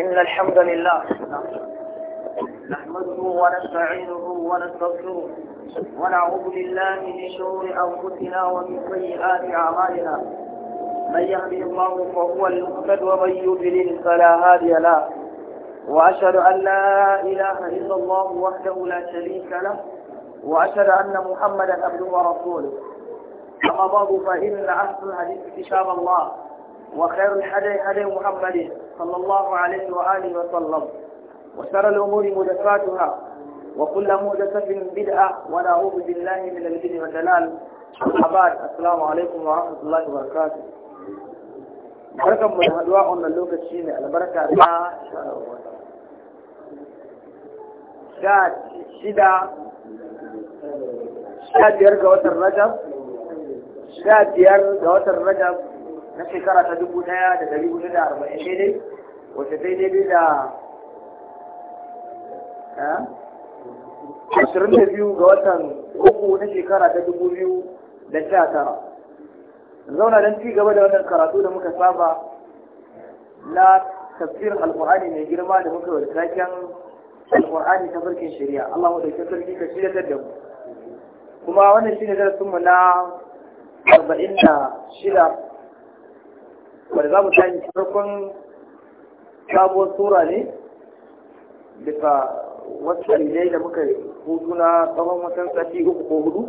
إن الحمد لله نحمده ونستعينه ونستغفره ونعوذ بالله من شرور أنفسنا ومن سيئات أعمالنا من يهده الله فهو المهتد ومن يضلل فلا هادي له وأشهد أن لا إله إلا الله وحده لا شريك له وأشهد أن محمدا عبده ورسوله أما بعد فإن أحسن الحديث كتاب الله وخير الحديث حديث محمد صلى الله عليه وآله وسلم وشر الأمور مدفاتها وكل مدفة بدعة ونعوذ بالله من الجن والدلال الحباد السلام عليكم ورحمة الله وبركاته بركة من هدواء من اللوكة الشيمة على بركة شاء شاد شدا شاد يرجع وتر رجب شاد يرجع وتر رجب na shekara ta dubu ɗaya da dari hudu da arba'in daidai wacce ta daidai da eh, ashirin da biyu ga watan uku na shekara ta dubu biyu da sha tara zauna don ci gaba da wannan karatu da muka saba na tafsir alƙur'ani mai girma da muka taken alƙur'ani ta farkin shari'a Allah wadda ke sarki ka shirya da mu kuma wannan shine darasinmu na arba'in da shida wanda za mu tashi farkon sabuwar sura ne daga wasu ne da muka hutu na tsawon watan sati uku ko hudu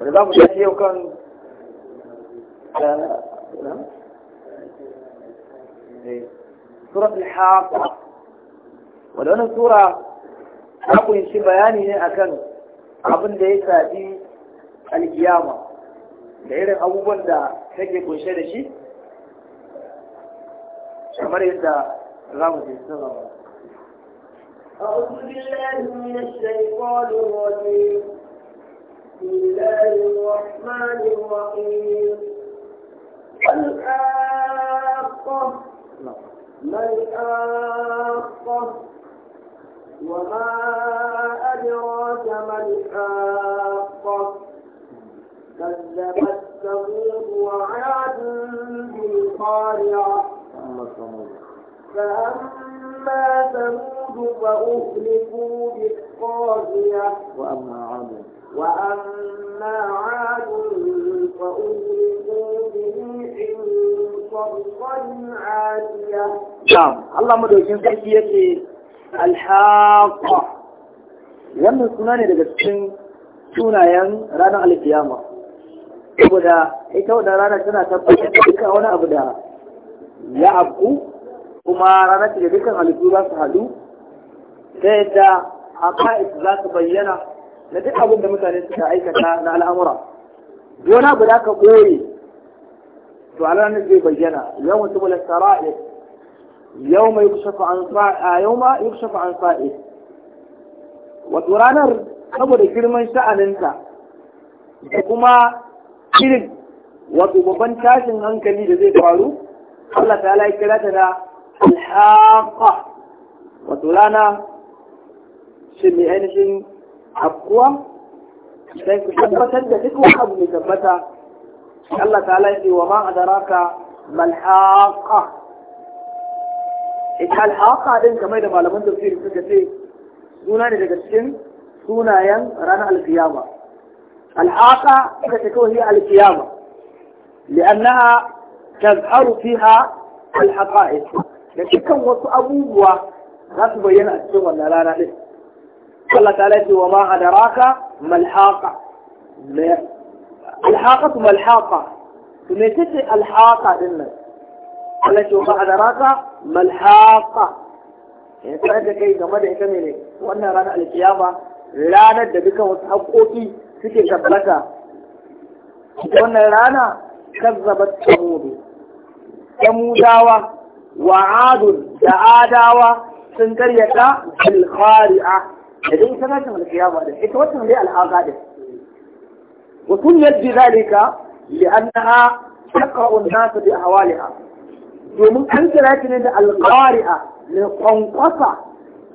wanda za mu tashi yau kan eh, eh, suratul haqa wanda wannan sura ta kunshi bayani ne akan abin da ya shafi alkiyama da irin abubuwan da take kunshe da shi kamar yadda za mu je أعوذ بالله من الشيطان الرجيم بسم الله الرحمن الرحيم الحاقة ما الحاقة وما أدراك ما الحاقة كذبت ثمود وعاد بالقارعة فأما ثمود فأهلكوا بالطاغية وأما عاد وأما عاد فأهلكوا بريح صرصر عاتية نعم الله مدوكين تحكي الحاقة wannan suna ne daga cikin sunayen ranar alkiyama saboda ita wannan rana tana tabbatar da duka wani abu da ya abu kuma ranar da dukkan halittu za su haɗu ta yadda haqa'iq za su bayyana Na duk abin da mutane suka aikata na al'amura gona guda ka ɓoye to a ranar zai bayyana yau mutum bula sara'i yau mai kushafa an sa'i yau ma yukshafa an sa'i wato ranar saboda girman sha'aninta da kuma irin wato babban tashin hankali da zai faru Allah ta ya kira ta da الحاقة وطولانا شمي هنشين حقوة شايف شبه شجة تكو حبني الله تعالى يقول وما أدراك ما الحاقة إذا الحاقة دين كما إذا ما تفير سكتي دونا نجدشين دونا ين رانا القيامة الحاقة إذا تكون هي القيامة لأنها تظهر فيها الحقائق da dukkan wasu abubuwa za su bayyana a cikin wannan rana ɗin Allah ta ce wa ma adaraka malhaqa alhaqa tu malhaqa to me tace alhaqa din nan Allah ce wa ma adaraka malhaqa ya tsaya da kai game da ita ne wannan ranar alkiyama ranar da dukkan wasu haƙoƙi suke tabbata wannan rana kazzabat samudu samudawa wa'adun da adawa sun karyata alkhari'a da dai ita rashin alkiyama da ita wacce dai al'aza din wa kulliyat bi zalika li'annaha taqra'u an-nas bi ahwaliha domin an kira ta ne da alkhari'a ne kwankwasa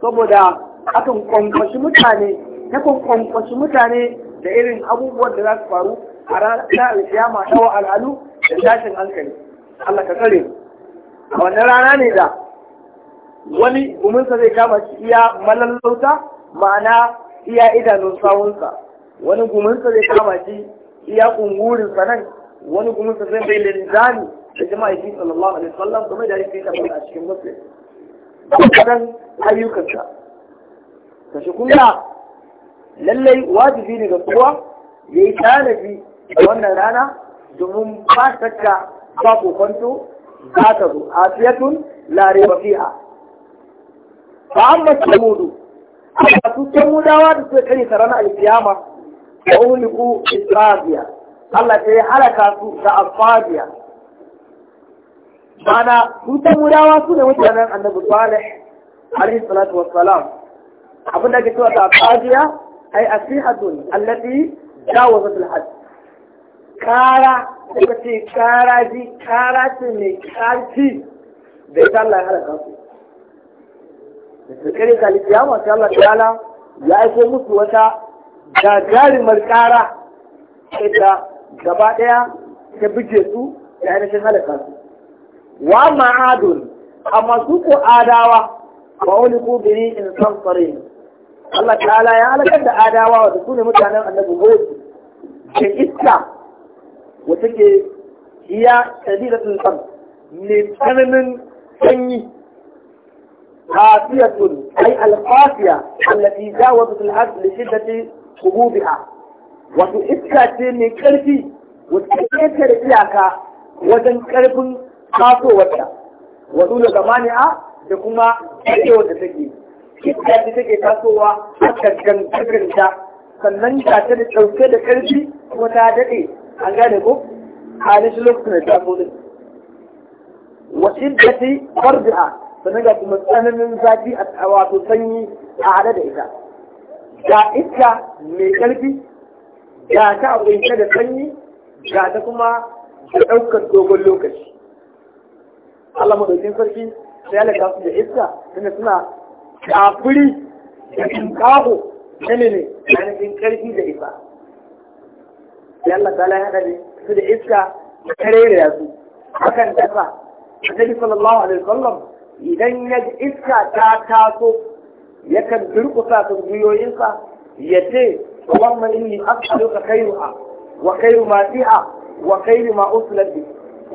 saboda akan kwankwashi mutane ta kwankwashi mutane da irin abubuwan da za su faru a ranar alkiyama ta wa al'alu da tashin hankali Allah ka tsare mu a wannan rana ne da wani guminsa zai kama shi iya malalauta ma'ana iya idanun sawunsa wani guminsa zai kama shi iya kungurinsa nan wani guminsa zai bai linzami da jama'a yi sallallahu alaihi wasallam game da yake fita a cikin muslim kadan ayyukansa kashi kuma lallai wajibi ne ga kowa ya yi tanadi da wannan rana domin ba shakka ba kokonto za ta zo asiyatun la riba fiha fa amma A amma su samudawa da suka kare ta ranar alkiyama wa uliku israfiya Allah ta yi halaka su da afabiya mana su samudawa su ne mutanen annabi salih alaihi salatu wassalam abin da ake cewa ta afabiya ai asihatun allati jawazat alhajj kara suka ce kara ji kara ce mai karfi da ita Allah ya halaka su da tsakari kalikiyama masu Allah ta'ala ya aiko musu wata gagarumar kara ita gaba ɗaya ta bije su da ainihin halaka su wa ma'adun amma su ko adawa ba wani ko biri in san fare Allah ta'ala ya halakar da adawa wata su ne mutanen annabi Hud da iska wata ke iya kalilatun sam mai tsananin sanyi kafiyatun ai alfafiya allati jawazat al-hajj li shiddati qububiha wato iska ce mai ƙarfi wata ke da iyaka wajen ƙarfin tasowarta wato da zamani'a da kuma tsakewar da take iska ce take tasowa a ƙarƙar kankan sannan ta da ɗauke da ƙarfi kuma ta daɗe an gane ko halin shi lokacin da ta kodin wa shiddati farbiha sannan ga kuma tsananin zafi a wato sanyi a hada da ita ga iska mai ƙarfi, ga ta abinci da sanyi ga ta kuma da ɗaukar dogon lokaci Allah madaukin sarki sai ya laka da iska tunda suna kafiri da kinkaho na ne ne ƙarfi da ita. sai Allah ta ya haɗa su da iska da karere ya su hakan dafa annabi sallallahu alaihi wasallam idan ya iska ta taso yakan durkusa ta gwiwoyinsa ya ce Allahumma inni as'aluka khayruha wa khayru ma fiha wa khayru ma uslat bi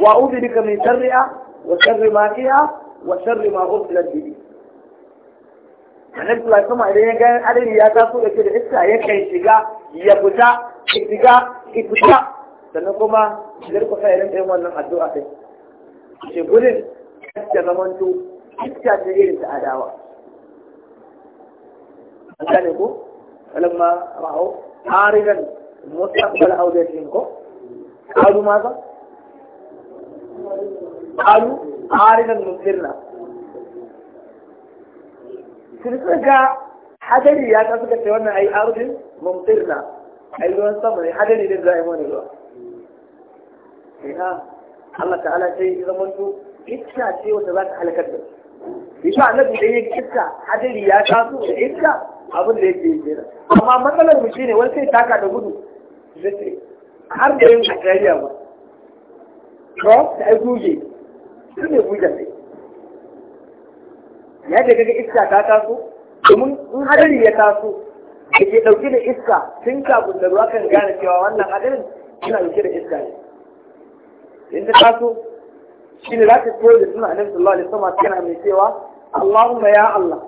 wa a'udhu bika min sharriha wa sharri ma fiha wa sharri ma uslat bi annabi sallallahu alaihi wasallam idan ya ga adadi ya taso da ke da iska ya kai shiga ya fita ya shiga ya fita sannan kuma zai ku sa irin ɗayan wannan addu'a ɗin ce gudun da zamanto iska ta irin ta adawa an gane ko falamma ra'au haridan mustaqbal awdatihim ko qalu maza qalu haridan musirna sun hadari ya ta suka ce wannan ai ardin mumtirna ai ruwan sama ne hadari ne za a yi mana ruwa ina Allah ta'ala sai ya zama to iska ce wata za ta halakar da shi shi annabi da yake iska hadari ya taso da iska abin da yake yi kenan amma matsalar mu shine wani sai taka da gudu zai har da yin Najeriya ba ko ta ai guje su ne guje ne ya da kaga iska ta taso domin in hadari ya taso da ke dauke da iska sun kafin da ruwa kan gane cewa wannan hadarin suna dauke da iska ne in ta taso shi ne za ta koyo da suna annabi sallallahu alaihi wasallam kana mai cewa Allahumma ya Allah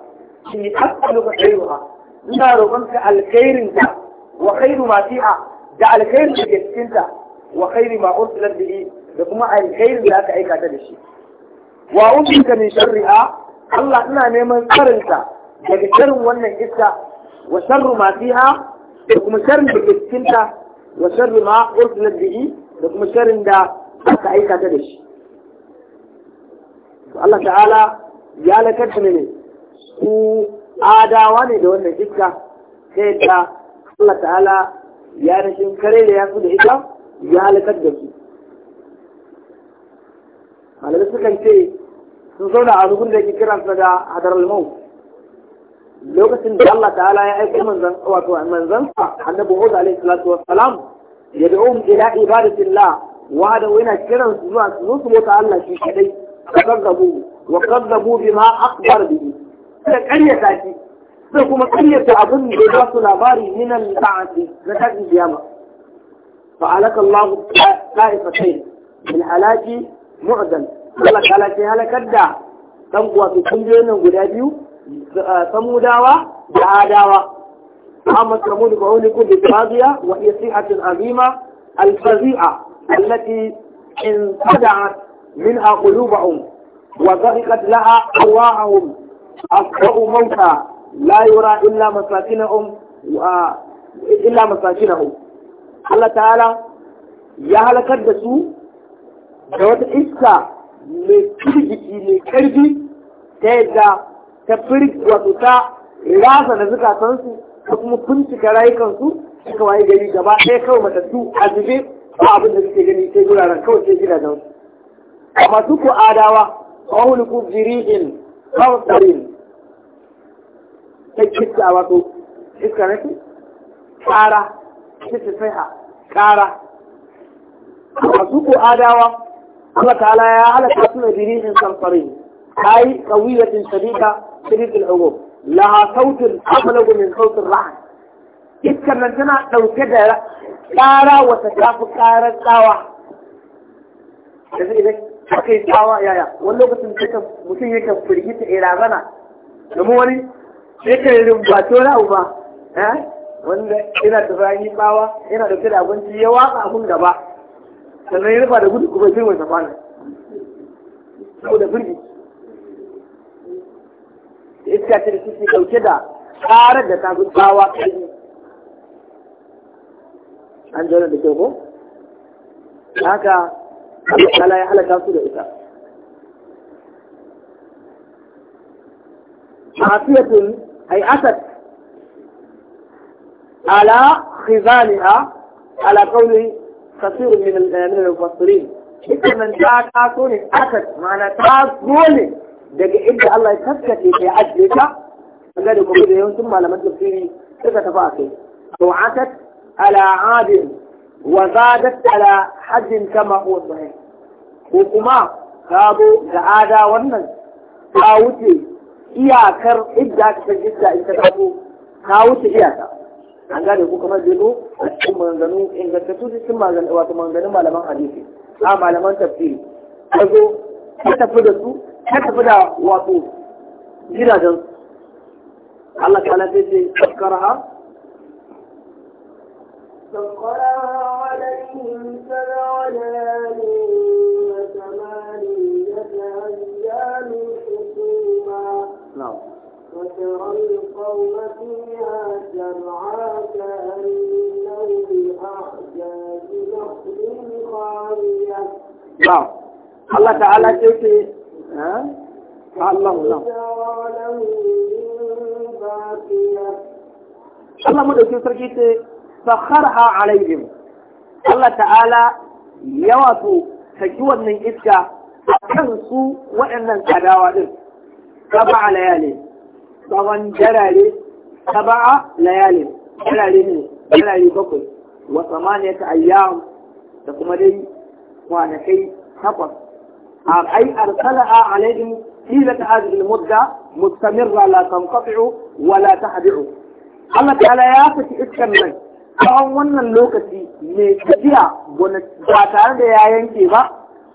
shi as'aluka khairuha ina roƙonka alkhairinta wa khairu ma fiha da alkhairin da ke cikinta wa khairu ma ursilat bihi da kuma alkhairin da aka aika ta da shi wa ubika min sharriha Allah ina neman tsarinta daga sharrin wannan iska wa sharru ma fiha da kuma sharrin da ke cikinta wa sharru ma ursilat bihi da kuma sharrin da aka aika ta da shi Allah ta'ala ya lakar da ne su adawa ne da wannan iska ta da Allah ta'ala ya rashin kare da yasu da ita ya halakar da su malamai sukan ce sun zauna a rugun da ke kiransa da hadar almau lokacin da Allah ta'ala ya aika manzan wato manzansa annabi Hud alaihi salatu wa salam ya da'um ila ibadatillah wa da yana kiran su zuwa su zo su Allah shi kadai kazzabu wa kazzabu bima akbar bihi da ƙaryata shi sai kuma ƙaryata abin da ba su labari min al-ta'ati da ta kiyama fa alaka Allah ta'ifatain min halaki mu'dal Allah ta'ala sai halakar da dan wato kungiyoyin guda biyu samudawa da adawa amma samud ba wani kun bisabiya wa iya sihatin azima alfazi'a allati in min minha qulubuhum wa dhahiqat laha awahum asra'u mawta la yura illa masakinahum wa illa masakinahum Allah ta'ala ya halakar da su da wata iska mai firgiki mai karfi ta yadda ta firgi wato ta rasa da zukatansu ta kuma bincika rayukansu suka waye gari gaba ɗaya kawai matattu a zube ba abin da suke gani sai guraren kawai sai gidajen amma su ko adawa wahulku jiri'in kawtarin ta a wato iska na nake ƙara kitta sai ƙara amma su ko adawa الله تعالى يا على كثمة بريح صنصرين أي قوية شديدة شديد العقوب لها صوت أبلغ من صوت الرعد إذ من سنة لو كده كارا وتكاف كارا كاوة akai tsawa yaya wani lokacin mutum yake firgita irarana domin wani yake rumbato na uba eh? wanda yana da bayan bawa yana da da abinci ya watsa abin gaba sannan ya rufa da gudu kuma sai wata kwana saboda firgi da iska ce da suke dauke da tsarar da ta gudbawa kai an jona da kyau ko haka Allah ya halaka su da ita عافية أي أسد على خزانها على قول kasiru min al-min al-mufassirin nan ta taso ne aka mana ta zo daga inda Allah ya kaskace ta ya ajiye ta ga da kuma da yawancin malaman tafsiri suka tafi a kai to atat ala adin wa zadat ala hajjin kama huwa sahih ko kuma ta zo ga ada wannan ta wuce iyakar idda ta jidda in ta taso ta wuce iyaka an gane ko kamar zai zo a cikin maganganu ingantattu cikin maganganu wato maganganun malaman hadisi a malaman tafsiri ka zo ka tafi da su ka tafi da wato gidajen Allah ta lafi ce tafkaraha ha alaihim sana'a lalani wa da ta hajjami hukuma فترى القوم فيها جمعا كأنه بأعجاز نخل خالية نعم الله تعالى كيف ها الله نعم. الله الله مو دكتور ترجيت سخرها عليهم الله تعالى يواتو تجوا من اسكا تنسو وان القداوات سبع ليالي يعني. بغن جرالي سبعة ليالي جرالي من جرالي بكل وثمانية أيام تقوم لي وانكي حفظ أي أرسلها عليهم إلى هذه المدة مستمرة لا تنقطع ولا تحدع الله تعالى يافت إتكمل أولا اللوكتي نتجيها ونتجيها ونتجيها ونتجيها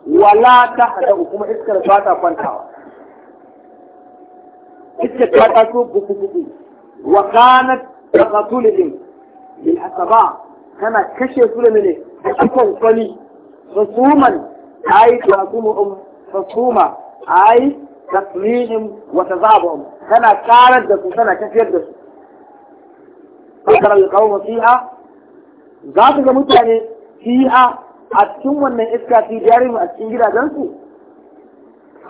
ولا تحدع وكما إتكرفاتها فانتاوا اتكاتكو بكبكو وكانت تقتلهم بالعصباء كما كشفوا منه أكون صلي خصوما أي تعصومهم خصوما أي تقليهم وتزعبهم كما كانت دسو سنة كثير دسو فترى القوم فيها ذات يعني فيها أتم أن إسكا في دارهم جدا أدنسو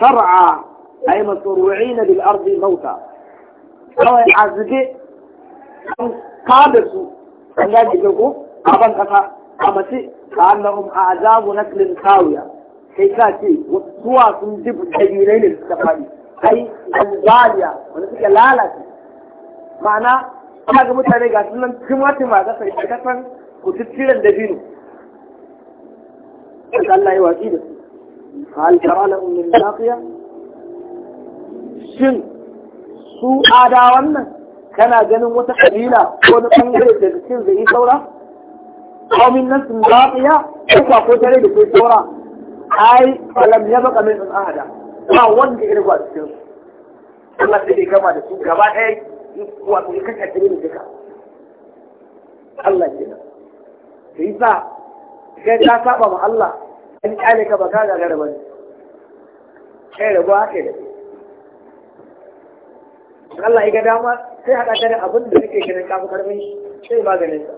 سرعا ay masruuciina bilardi mawta waay cazibe kaa dhasu angaajigagu da kata ama si kaanahum acdaabu naslin kaawiya kaysaati suwaasun dib dhagiinaynaskafai ay albaalya wanasigalaalati maanaa kaaga mutaanegaasinan timatimaagasa kasan kutitiran dabinu ka allah waakiidasu hal tara lahum min baaqiya shin su ada wannan kana ganin wata kabila ko na bangare daga cikin zai yi saura aw min nasin ya? ko ko tare da kai saura ai falam ya baka min ahada ba wanda ya riga cikin su Allah sai dai kama da su gaba ɗaya wato ya kashe tare da duka Allah kenan sai sa kai ta saba ma Allah in kyale ka ba ka gagara bane kai rabuwa kai da kai Allah ya ga dama sai haɗa ka da abin da kake ganin kafin karfin shi sai maganin ka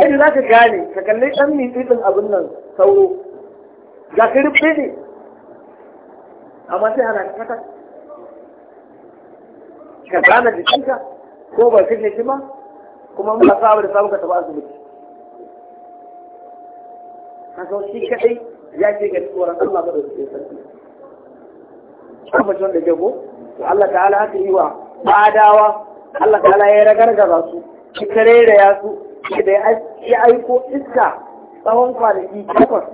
sai za ka gane ka kalli ɗan mintsin abin nan sauro ga ka rufe ne amma sai hana ka fata ka gane da jikinka ko ba kake shi ma, kuma mun sa abu da samu ka taɓa asibiti haka shi kaɗai ya ce ga tsoron Allah ba da su ke sarki. Kuma shi wanda jago, to Allah ta'ala haka yi wa badawa Allah ta'ala ya ragargaza su shi kare da ya su da ya aiko iska tsawon kwanaki takwas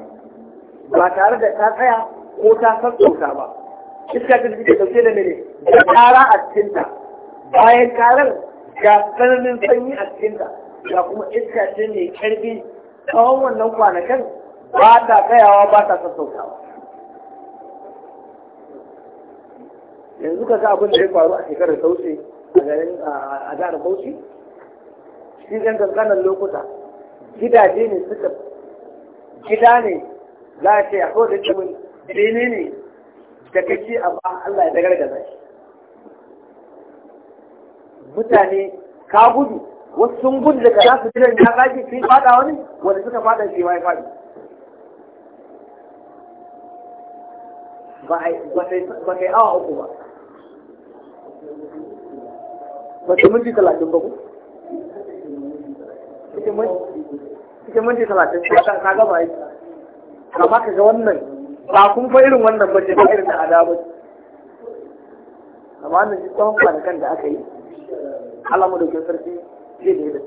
ba tare da ta tsaya ko ta sassauta ba iska ta da dauke da mene da kara a cikinta bayan karar ga tsananin sanyi a cikinta ga kuma iska ce mai karfi tsawon wannan kwanakan ba ta tsayawa ba ta sassautawa yanzu ka sa abin da ya faru a shekarar sauce a garin a jihar bauchi shi zan kankanan lokuta gidaje ne suka gida ne za a ce a kawai da cikin bene ne da kake a ba Allah ya dagargaza shi mutane ka gudu wasu sun gudu daga za su jiran ya gaji sun fada wani wanda suka fada shi ma ya fadi ba kai awa uku ba ba su minti talatin ba ku cikin minti talatin ka gama aiki amma ka ga wannan ba kun fa irin wannan ba ce ba irin da ada ba amma wannan shi tsawon kwanakan da aka yi alamu da ke sarki zai da yadda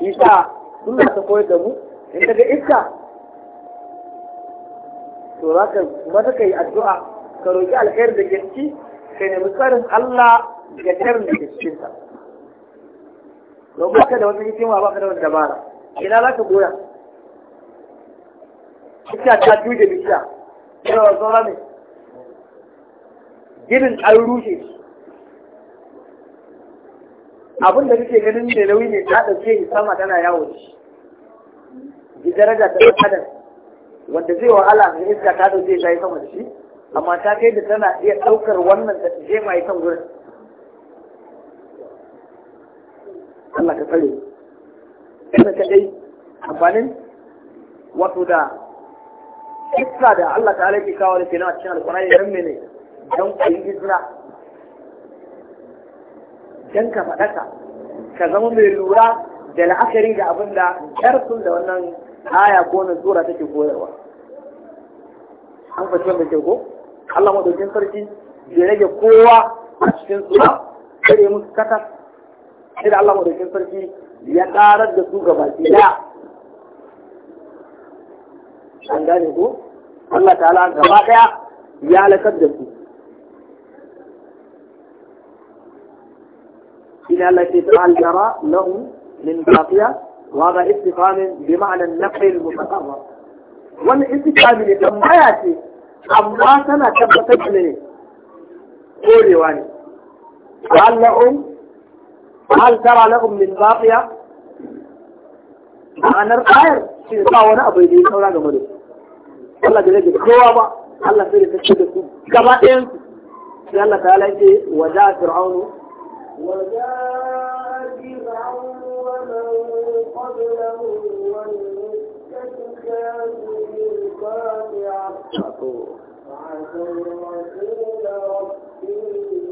shi sa suna ta koyar da mu in ka ga iska to za ka mata ka yi addu'a ka roƙi alkhairin da ke ciki ka nemi tsarin Allah daga tarin da ke cikin ta don da wata hikima baka da wani dabara ina za ka goya bishiya ta tuje bishiya yana wa saura ne ginin an rushe shi abin da kake ganin da nauyi ne ta ɗauke ni sama tana yawo da shi ji daraja ta adam wanda zai wahala ne iska ta ɗauke ta yi sama da shi amma ta kai da tana iya ɗaukar wannan da ta je ma yi kan gurin Allah ka tsare kada dai amfanin wato da iska da Allah ta alaƙi kawo da kenan a cikin alƙur'ani nan mene ne ku yi izina, dan ka faɗaka ka zama mai lura da la'akari da abin da da wannan aya ko na sura take koyarwa an fashe wanda ke ko Allah madaukin sarki bai rage kowa a cikin sura kare musu katas sai da Allah sarki ya karar da su gaba ɗaya an gane ko Allah ta'ala gaba ɗaya ya halakar da su إلى التي تعال جرى له من باقية وهذا استفهام بمعنى النفي المتقرر وأن استفهام لما يأتي أما سنة كبتت منه قولي واني قال لهم فهل ترى لهم من باقية أنا القائر سيطاونا أبو يدين أولا قمدوا الله جلد الخوابة الله فيه كتبكم كبائن في الله تعالى انت وجاء فرعون وجاء فرعون ومن قبله والمستكان من القاطع فعزوا رسول ربه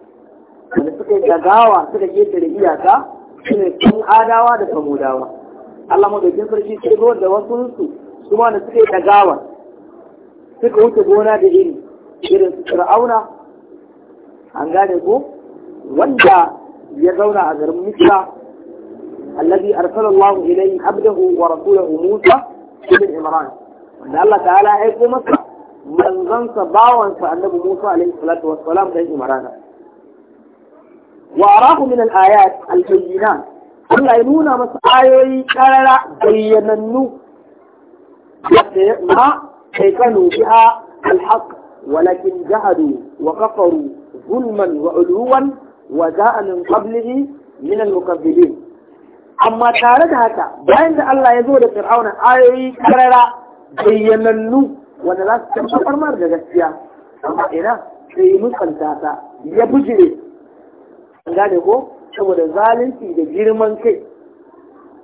wanda suka yi gagawa suka ketare iyaka su ne sun adawa da samudawa Allah dokin sarki sai ruwan da wasu su su ma da suka yi gagawa suka wuce gona da iri irin su fir'auna an gane ko wanda ya zauna a garin misra الذي أرسل الله إليه عبده ورسوله موسى ابن عمران وأن الله تعالى يقول مكة من غنص باوانس النبي موسى عليه الصلاة والسلام بن عمران وأراه من الآيات البينات Allah ya nuna masa ayoyi ƙarara bayyanannu ma kai kanu biha alhaq walakin jahadu wa kafaru zulman wa uluwan wa min qablihi min al-mukazzibin amma tare da haka bayan da Allah ya zo da fir'auna ayoyi ƙarara bayyanannu wanda za su tabbatar mar da gaskiya amma ina sai musanta ta ya bujire an gane ko saboda zalunci da girman kai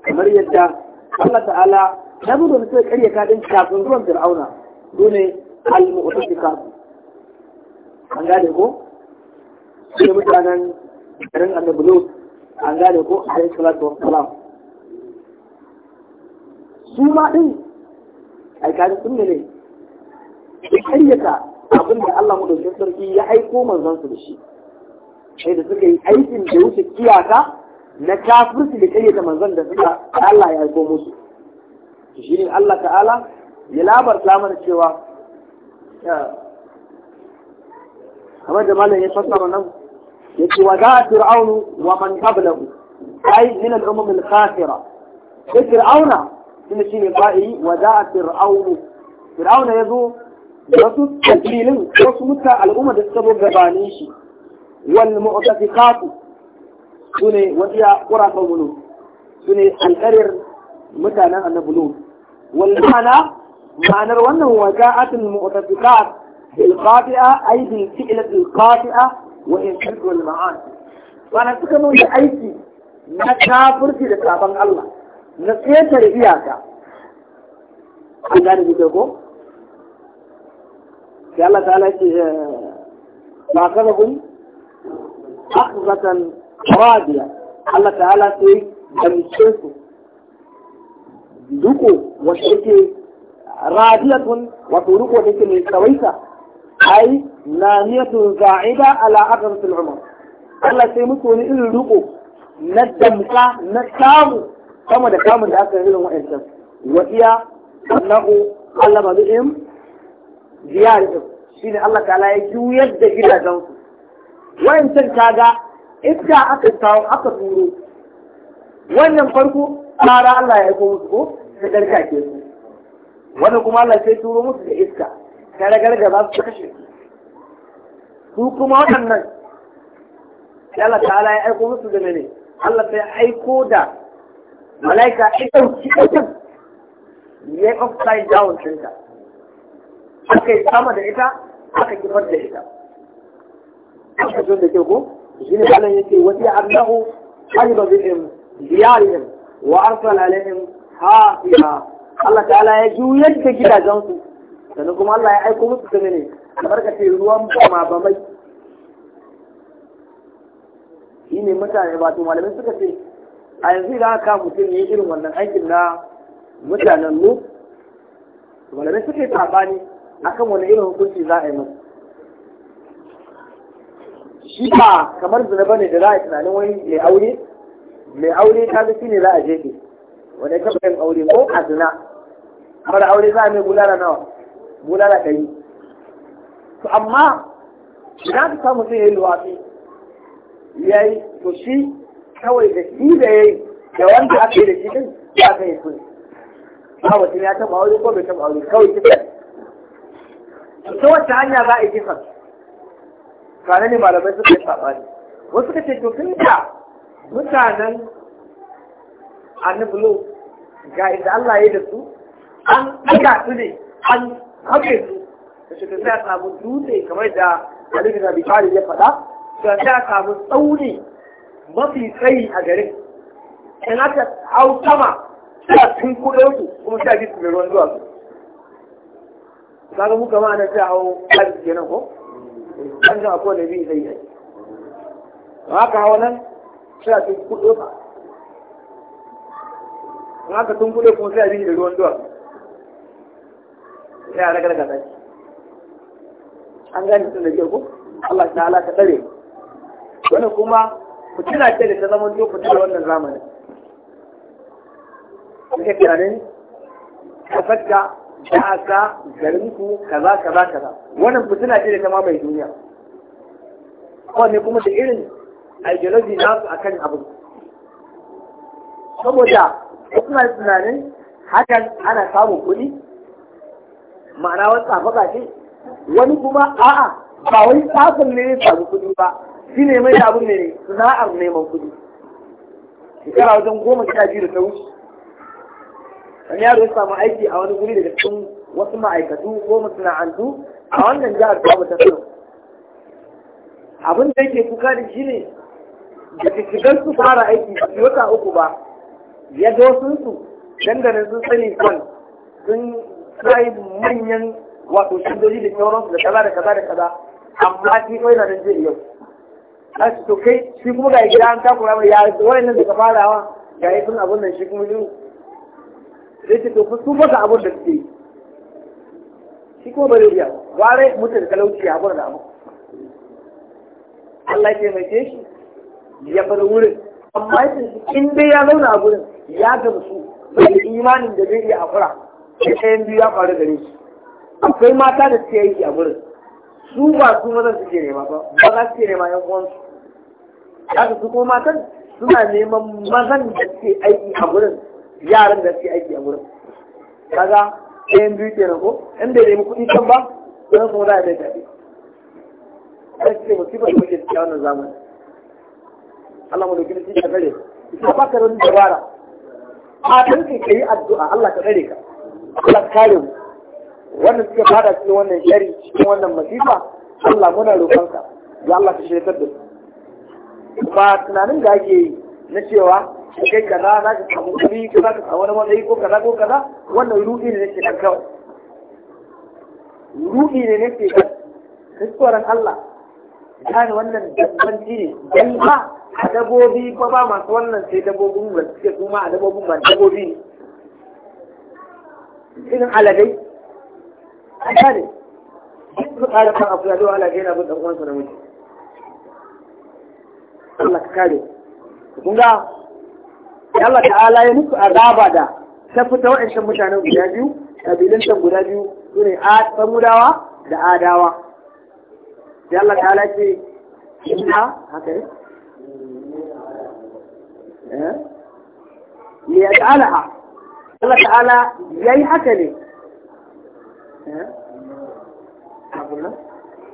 kamar yadda Allah ta'ala ya zo da mutum karya kadin kafin zuwan fir'auna dole al-mu'tasika an gane ko sai mutanen garin annabi lut an gane ko alayhi salatu Salam. su ma din ai kadin sun ne karyata abin da Allah mu sarki ya aiko manzon su da shi sai da suka yi aikin da wuce kiyata na kafirci da karyata manzon da suka Allah ya aiko musu shi ne Allah ta'ala ya labarta mana cewa kamar da malam ya fassara nan ya ce wa za fir'aunu wa man qablahu ai min al-umam al-khasira sai fir'auna kuma shi ne ba'i wa za fir'aunu fir'auna ya zo da wasu tafilin wasu mutan al'umma da suka gabanin shi wal mu'tafiqatu sune wasiya qurafa mulu sune alƙarir mutanen annabi lu wal ma'ana ma'anar wannan waja'atul mu'tafiqat bil qati'a ay bil fi'lat al qati'a wa in tilku al ma'an wana suka nuna aiki na kafirci da sabon Allah na tsayatar iyaka an gane ko sai ta eh, kun akhzatan radiya Allah ta'ala sai gamshe su duko wacce yake radiyatun wato ruko da yake mai tsawaita ai namiyatun za'ida ala akhzatil umar Allah sai muku wani irin ruko na damsa na samu sama da kamun da aka yi irin wa'ancan wa iya annahu Allah ba bi'im ziyar shi ne Allah ta'ala ya juyar da gidajensu wayancan kaga iska aka kawo aka turo wannan farko tsara Allah ya aiko musu ko ta ɗarka ke su wannan kuma Allah sai turo musu da iska ta ragarga za su kashe su kuma waɗannan sai Allah ta'ala ya aiko musu da ne Allah sai aiko da mala'ika ya ɗauki ɗaukan ya yi upside down ɗinta aka yi sama da ita aka kifar da ita haka sun da ke ko shi ne malam yake wasi annahu hariba bihim diyarihim wa arsala alaihim hafiha Allah ta'ala ya juyar da gidajensu sannan kuma Allah ya aiko musu da ne barkace ruwan bama mai. shi ne mutane wato malamai suka ce a yanzu idan aka mutum ne irin wannan aikin na mutanen mu malamai suka yi sabani akan wani irin hukunci za a yi masa shi ba kamar zina bane da za a tunanin wani mai aure mai aure ta ga ne za a jefe wani kafa yin aure ko a zina kamar aure za a mai bulala nawa bulala ɗari to amma idan ka samu sai ya yi luwafi ya yi to shi kawai da shi da ya yi da wanda aka yi da shi din ba ka yi su ba mutum ya taɓa aure ko bai taɓa aure kawai kisa ta wacce hanya za a yi kisan kane ne malamai suka yi sabani wasu ka ce to tun da mutanen annabulo ga inda Allah ya da su an ɗaga su ne an haɗe su da shi ta sa dutse kamar da alifin na Bishari ya faɗa da sai samu tsauni mafi tsayi a garin in aka hau sama sai tun su kuma sha a mai ruwan zuwa su. Kaga muka ma na sai hau ƙarfi kenan ko? an ga kowane nabi zai yi haka hawa nan sai a cikin kudu sa in haka tun kudu kuma sai a bi da ruwan duwa sai a ragar gasa an gani sun da ke ku? Allah ta halaka tsare wani kuma fitina ce da ta zama duk fitina wannan zamanin. Kake tunanin ka fadda ka garinku kaza kaza kaza wannan fitina ce da kama mai duniya kowanne kuma da irin ideology na su akan abu saboda kuma tunanin hakan ana samun kuɗi ma'ana wata tsafa ce wani kuma a'a ba wani tsafin ne ne samu kuɗi ba shi ne mai abin ne sana'ar neman kuɗi shekara wajen goma sha biyu da ta wuce wani yaro ya samu aiki a wani guri daga cikin wasu ma'aikatu ko masana'antu a wannan jihar babu ta sanu abin da yake kuka da shi ne da shigar su fara aiki ba wata uku ba ya zo sun su dangane sun sani kan sun sai manyan wato sun da sauransu da kaza da kaza da kaza amma shi kawai na nan zai yau to kai shi kuma ga gida an takura mai ya wani nan daga farawa ga yi sun abin nan shi kuma yiwu zai ce to fa su maka abin da suke shi kuma bari iya ware mutum talauci ya bar da abu Allah ya ce shi ya bar wurin amma yake in dai ya zauna a gurin ya gamsu bai da imanin da zai iya haƙura sai ɗayan biyu ya faru gare shi akwai mata da suke yi a gurin su ba su mazan suke nema ba ba za su ke nema yan uwansu haka su kuma matan suna neman mazan da suke aiki a gurin yaran da suke aiki a wurin kaga ɗayan biyu ke ko in bai nemi kuɗi kan ba don kuma za a bai tafi kada ce musibar da muke cikin wannan zamani Allah mu dauki da cikin kare ita ba ka wani dabara a kan ka kai addu'a Allah ka kare ka Allah ka kare mu wannan suke fada cikin wannan shari cikin wannan masifa Allah muna roƙonka ya Allah ka shirkar da su kuma tunanin da ake yi na cewa kai kaza za ka samu kuɗi ko za ka samu wani wani ko kaza ko kaza wannan ruɗi ne nake kan kawai ruɗi ne nake kan kuskuren Allah gane wannan dabbanci ne dan ba a dabobi ba ba masu wannan sai dabobin ba suke kuma a dabobin ba dabobi ne irin aladai a gane duk su ƙara kan abu ya aladai na bin ɗan na mutu Allah ka kare kunga Allah ta'ala ya musu azaba da ta fita wa'ancan mutanen guda biyu kabilan can guda biyu su ne a samudawa da adawa sai Allah ta'ala ce inna haka ne ne eh? ya ta'ala Allah ta'ala ya yi haka ne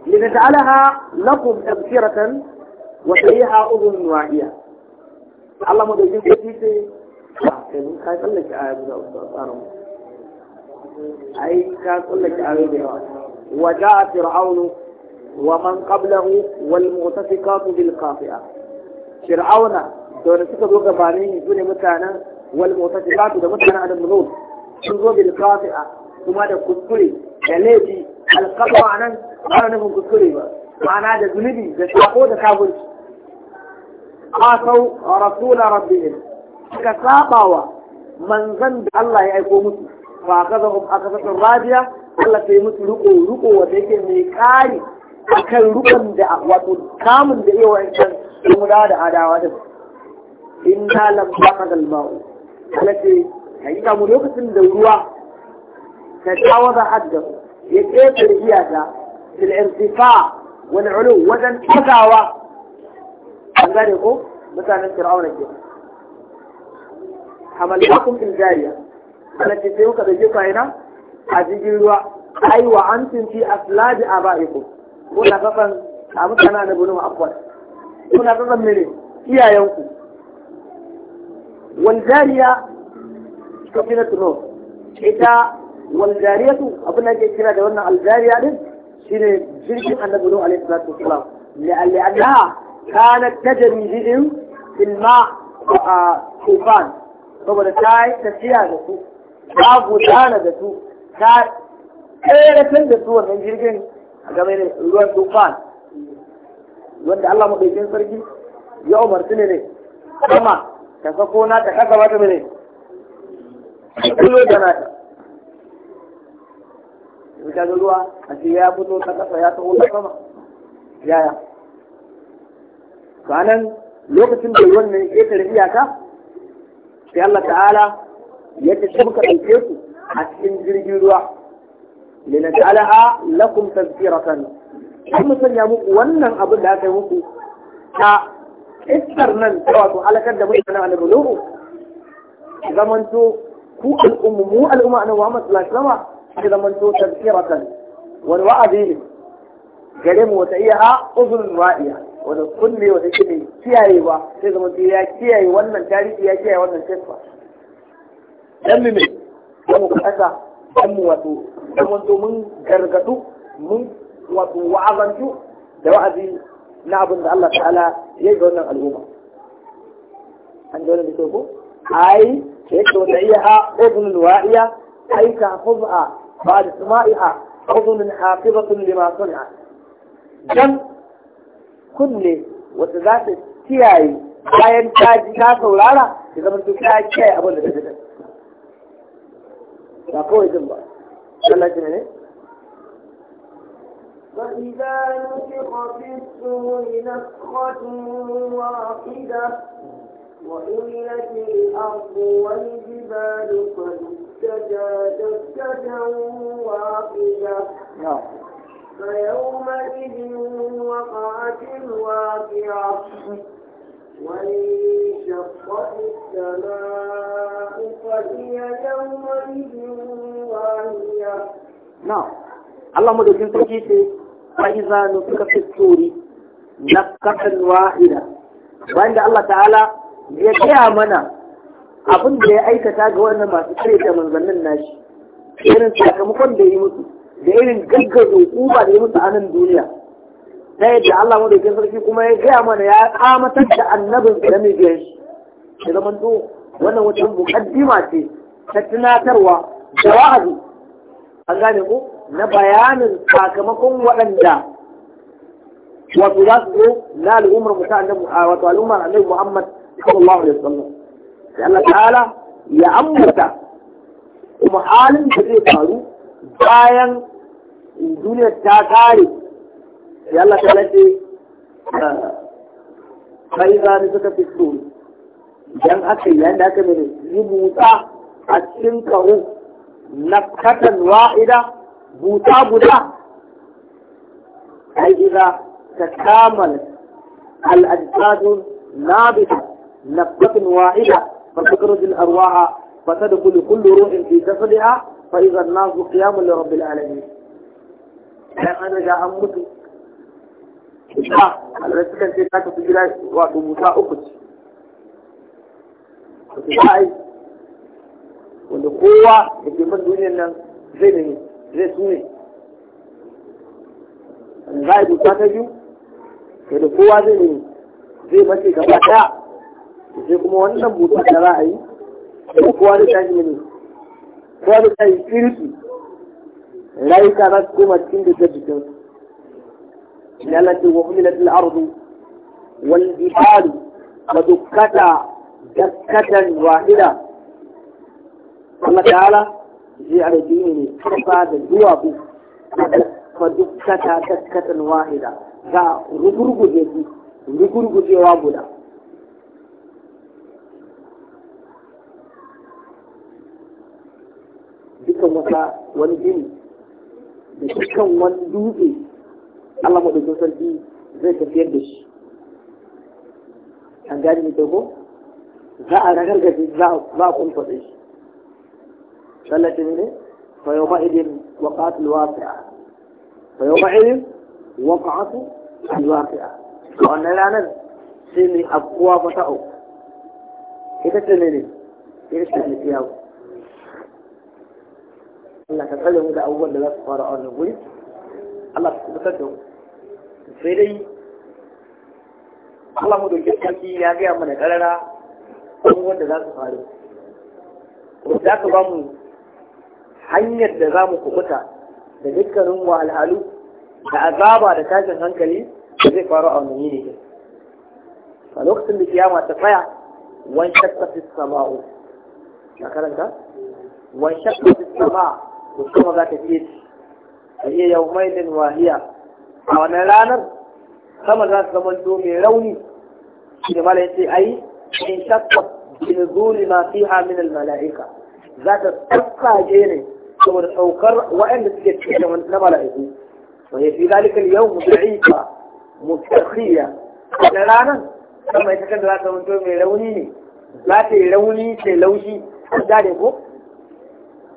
لنجعلها لكم تذكرة وتريها أذن واعية Allah mu da jin kaji ce a kai ka tsallake aya guda uku a tsarin ai ka tsallake aya da yawa wa ja'a fir'aunu wa man qablahu wal mu'tafiqatu bil qafi'a fir'auna da wanda suka zo gabanin su ne mutanen wal mu'tafiqatu da mutanen adam zo sun zo bil qafi'a kuma da kuskure da laifi alqaba nan ba nufin kuskure ba ma'ana da zunubi da sako da kafirci عاصوا رسول ربهم كسابوا من ذنب الله يكون مسلم فأخذهم أخذت الراجية الله في مسلم رقوا رقوا وتيكي ميكاري أكل رقم دعا وتكامل دعا إيه وإنسان المدادة هذا وإنسان إنا لم تقض الماء التي هي إذا ملوك سندوروا تتعوض حده يكيب الرياضة في الارتفاع والعلو وزن أقاوه an gane ko mutanen fir'auna ke hamalnakum fil jariya ana ce sai kuka dauke kwaina a jirgin ruwa ai wa antum fi aslabi a bai abaikum kuna kafan a mutana na bunu akwai. kuna kafan mene iyayen iyayenku wal jariya na no ita wal su? abin da ke kira da wannan al jariya din shine jirgin annabi nuh alaihi salatu wasalam la'alla كانت تجري بهم في الماء طوفان saboda ta yi tafiya da su ta gudana da su ta ƙeratar da su wannan jirgin a game da ruwan tufan wanda Allah maɗaukin sarki ya umarci ne ne sama ta sako na ta kasa mata ne kullo da na ta ta ga ruwa a ce ya fito ta ƙasa, ya taho ta sama yaya to lokacin da wannan ƙetare iyaka sai Allah ta'ala ya ce shi muka ɗauke su a cikin jirgin ruwa lina ta'ala ta'alaha lakum tazkiratan an mu sanya muku wannan abin da aka yi muku ta iskar nan ta wato halakar da mutanen annabi nuhu zamanto ku al'ummu mu al'umma annabi Muhammad sallallahu alaihi wasallam ta zamanto tazkiratan wani wa'azi ne gare mu wata iya ha uzurun ra'iya wani kunne wani shi ne kiyayewa sai zama sai ya kiyaye wannan tarihi ya kiyaye wannan cewa. dan mu ne dan mu kasa dan mu wato dan wato mun gargadu mun wato wa'azantu da wa'azi na abin da Allah ta'ala ya yi ga wannan al'umma an ji wannan da ke ko ai yake wata iya ha ibn wa'iya ai ka huz'a ba da suma'iha أذن حافظة لما صنع dan kunne wata za ta kiyaye bayan ta ji ta saurara ta zama to ta kiyaye abin da ta jira ba kawai jin ba Allah ji ne فإذا نفخ في الصور نفخة واحدة وحملت الأرض والجبال فدكتا دكة واحدة فيومئذ وقعت الواقعة وانشقت السماء فهي يومئذ واهية نعم الله مدوكين تجيسي فإذا نفك في السور نفكة واحدة وعند الله تعالى يجيها منا abin da ya aikata ga wannan masu kare da manzannin nashi irin sakamakon da yi musu da irin gaggazo kuma da ya musu a nan duniya ta yadda Allah mu da ke sarki kuma ya gaya mana ya kamatar da annabin da mai biyan shi ya zama to wannan wata mukaddima ce ta tunatarwa da wa'azi an gane ko na bayanin sakamakon waɗanda wato za su zo na al'ummar musa annabi wato al'ummar annabi Muhammad sallallahu alaihi wasallam sai Allah ta'ala ya ambata kuma halin da zai faru bayan duniya ta kare ya Allah ta lace ah. sai ni suka fito idan aka yi yanda aka yi buta a cikin kawo na katan wa'ida buta guda ai gida ta kamal al'adadun nabita نفسة واحدة فتخرج الأرواح فتدخل كل روح في جسدها فإذا الناس قيام لرب العالمين dan an riga an mutu ta alwai sukan ce ta tafi gida wato musa uku ce ta ai wanda kowa da ke man duniyar nan zai nemi zai su ne za a buta ta biyu wanda kowa zai nemi zai mace gaba ɗaya sai kuma wannan buta da za a yi kowa zai yi. ne kowa zai yi spiriti laika ba kuma cikin dukkan jikin in Allah ce wa humilat al-ardu wal jibalu wa dukkata dakkatan wahida Allah ta'ala zai arzini ne kafa da duwabu fa dukkata dakkatan wahida ga rugurguje su rugurgujewa guda dukkan wata wani gini da dukkan wani dutse Allah maɗaukin sarki zai tafiyar da shi an gani ne ko za a ragar da shi za a kumfaɗe shi sallatin ne fa yau ma'idin waƙatul wasi'a fa yau ma'idin waƙatul wasi'a a wannan ranar sai mai abuwa mata uku ita ce ne ne ita ce ne iyawa Allah ka tsare mu da abubuwan da za su fara a wannan guri Allah ka kubutar da mu sai dai Allah mu dokin sarki ya gaya mana karara abubuwan da za su faru kuma za ka ba mu hanyar da za mu kubuta da dukkanin wahalhalu da azaba da tashin hankali da zai faru a wannan yini a lokacin da kiyama ta tsaya wani shakka fi sama'u na karanta wani shakka fi sama'u Kuma za ta ce a iya yau mailin wahiya a wannan ranar sama za su zama to mai rauni shi da ya ce ai, in shakka bin zuri ma fiha min mala'ika za ta tsakkaje ne saboda saukar waɗanda suke cikin na mala'iku wa ya fi zalika yau mutu'ika mutakhiya da ranar sama ita kan da za ta mutu mai rauni ne za ta yi rauni ta yi laushi ta gane ko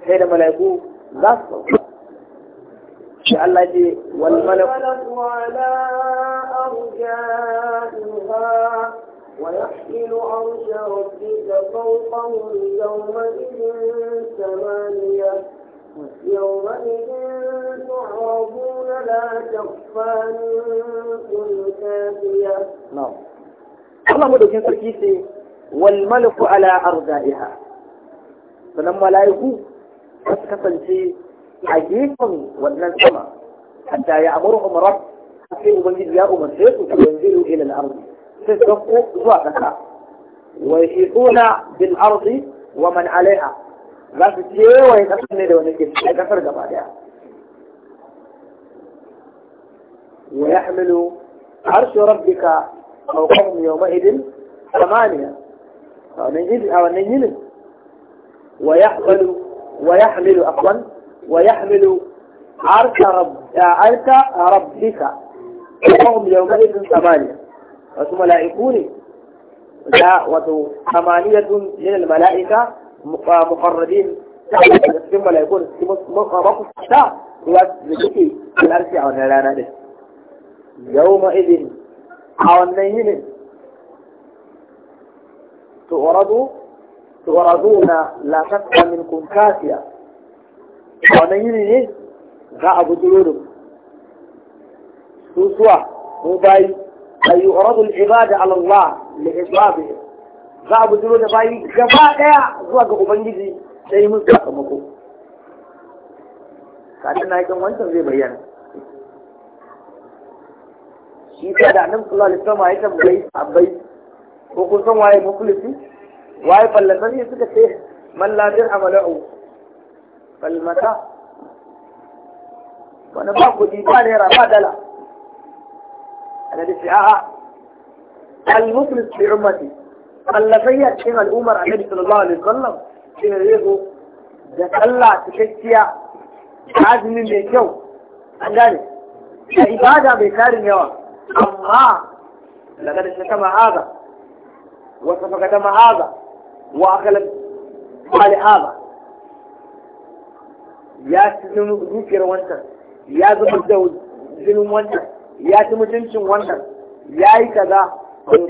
sai da mala'iku za su sauka shi Allah ce wani malakun Allah mu dokin sarki sai wal malaku ala arzaiha sanan mala'iku za su kasance a gefen wannan sama hatta ya amurhum rabb sai ubangiji ya umarce su su yanzilu ila al-ardi sai su ko zuwa kasa wa yashuna bil ardi wa man alaiha za su kewaye kasar ne da wani ke cikin kasar gaba daya wa yahmilu arshu rabbika fawqahum yawma idin samaniya a wannan yinin wa yahmalu ويحمل عفوا ويحمل عرش رب عرش ربك وهم يومئذ ثمانية وثم لا يكوني لا ثمانية من الملائكة مقربين ثم لا يكون مقربك حتى يوجدك الأرش أو نلانا لك يومئذ أو النهين تؤردوا turaduna la taqwa minkum kafiya wannan yini ne za a bujuro da su suwa mu bayi ay yuradu al-ibada ala Allah li ibabihi za a bujuro da bayi gaba daya zuwa ga ubangiji sai mun sakamako kafin na yakin wancan zai bayyana shi ta da annabi sallallahu alaihi wasallam ya tambayi ko kun san waye muflisi واي فلنني سكته من لا درهم له فالمتا وانا باكو ديباني رمادلا انا دي آه. المفلس في عمتي فلنفيا كين الامر النبي صلى الله عليه وسلم كين ريضو جات الله تشكيا عزم من يكيو انجاني عبادة بكار يوا اما لقد اشتكى هذا وصفك دم هذا وأغلب قال هذا يا سنو ذكر وانت يا زمن دود زنو وانت يا تمتنشن وانت يا كذا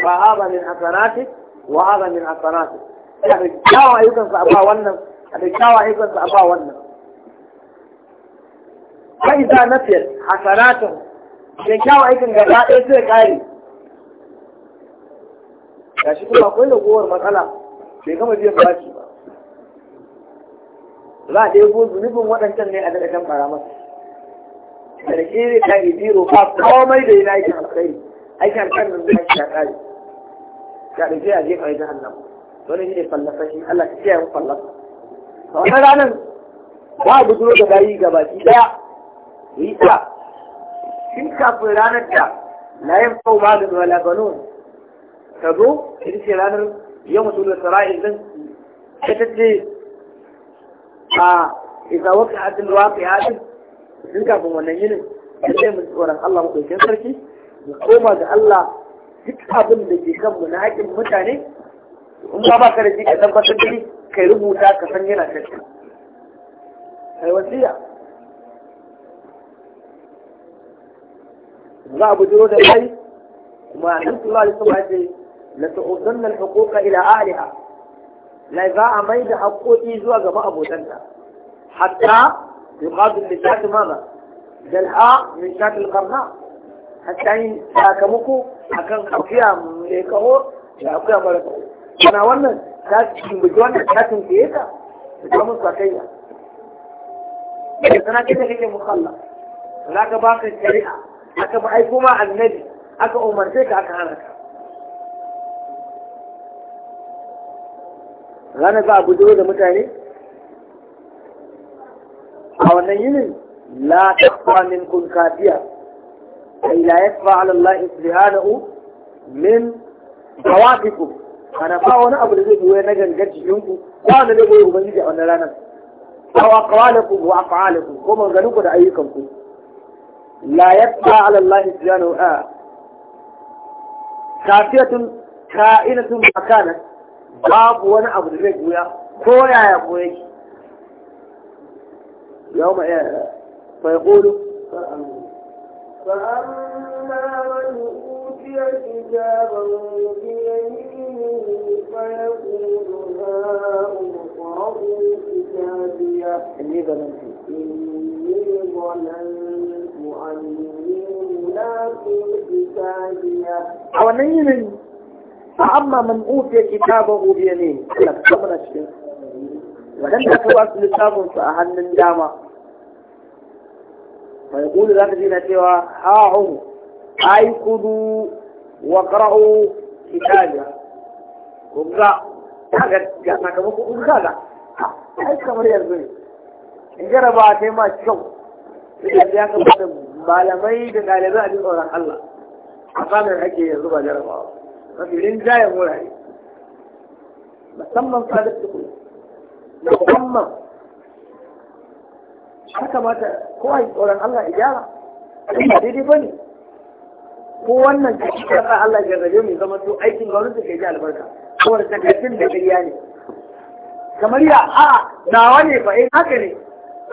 فهذا من حسناتك وهذا من حسناتك يعني كاوا يكن صعبا وانا يعني كاوا يكن صعبا وانا فإذا نفيت حسناتهم يعني كاوا يكن غباء يسير قاري gashi kuma akwai ragowar matsala bai gama biyan bashi ba za a gozu nufin waɗancan ne a daga kan fara masa sarki ne ta yi biro ba komai da yana aikin alkhairi aikin alkhairi da zai shi a ƙari ya ɗauke a jefa ya jahannan wani shi ne fallasa shi Allah ta kiyaye mu fallasa a wannan ranar ba a buduro da bayi ga baki ɗaya yi ta shi kafin ranar ta. Na yin fau ma da wala banun ka zo ita ce ranar yau mutum da sara'in din ita ce a isa wata hadin wafi hadin sun kafin wannan yinin da zai mu tsoron Allah maɗaukin sarki mu koma ga Allah duk abin da ke kanmu na haƙin mutane in ba ba ka da shi ka tabbatar da kai rubuta ka san yana tashi kai wasiya za a bujiro da kai kuma nan sallallahu alaihi wasallam ya لتؤذن الحقوق إلى أهلها لا إذا أميد حقوقي ما جماعة بوتنها حتى يقابل لسات ماما دلها من شاك القرناء حتى يتاكمكو أكن قفيا مليكهور يا أكويا ملكهور أنا وانا ساتن بجوانا في إيكا بجوانا ساكيا أنا كده كده مخلص هناك باقي الشريعة أكب عن النبي أكا أمرتك عنك rana ba budo da mutane a wannan yinin la taqwa minkum kafiya ay la yaqfa ala Allah istihanahu min tawaqikum ana ba wani abu da zai buwaye na gangar jikinku ba wanda zai buwaye ubangiji a wannan ranar aw aqwalakum wa af'alakum ko maganganunku da ayyukanku la yaqfa ala Allah istihanahu kafiyatun ka'inatun makanat babu wani abu da zai goya ko yaya goya shi yau ma yaya fai kudu fa'amma wani ukiya hijaban biyayyini fai kudu ha umaru hijabiya ne ga ni ce inye gwanan ni na kudu hijabiya a wannan yi ne amma man ufiya kitabun bi yamin Allah ka kamana cikin wadanda aka ba su littafin su a hannun dama Mai yaqulu za ji na cewa "Ha'un, ai kudu wa qara'u kitabiya Kuka kaga ga sakamako kuka kaga ai kamar yanzu ne in jaraba ta ma kyau yanzu ya kamata malamai da ɗalibai a jin tsoron Allah a samun ake yanzu ba jarabawa mafi rinjayen wurare musamman sadar da musamman ya kamata kowa yi tsoron Allah ya gyara ba daidai ba ne ko wannan kashi kasa Allah ya rabe mu zama to aikin gwamnati ke ji albarka kowar takardun da ƙarya ne kamar ya a nawa ne fa in eh, haka ne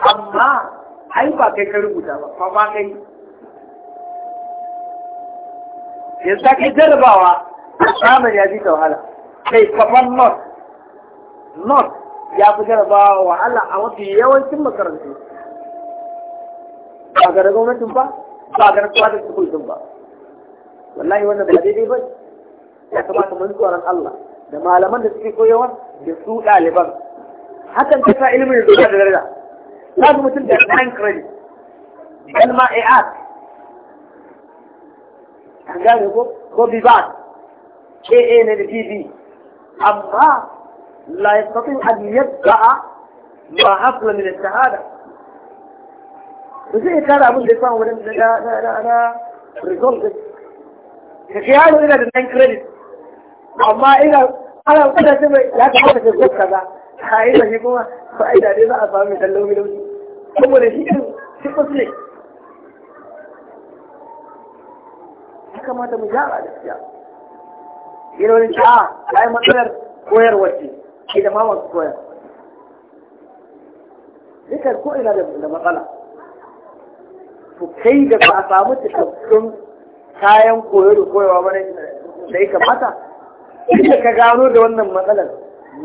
amma ai ba kai ka rubuta ba fa ba kai yanzu ta kai jarrabawa Ahmad ya fi ta wahala kai kamar not not ya fi jaraba wahala a mafi yawancin makarantu ba ga da gwamnatin ba ba ga kuwa da sukul ba wallahi wannan ba daidai ba ya kamata mun tsoron Allah da malaman da suke koyawa da su ɗaliban hakan ta sa ilimin da da daraja Ta su mutum da time credit kalma a'at an gane ko ko bibat KNLPD أما لا يستطيع أن يدفع ما حصل من الشهادة وزي كان أبو الدفاع ولم لا لا لا لا ريزولت كيانو إلى لا كريدت أما إلى أنا أقول لك لا لا الزوج كذا لا هي لا لا لا لا من لا لا لا في قصلي لا لا لا لا yana wani ta ah, ai matsalar koyar wacce ke da ma koyar dukkan ko ina da matsala to kai da ba a samu cikakkun kayan koyo da koyawa ba da ya kamata ita ka gano da wannan matsalar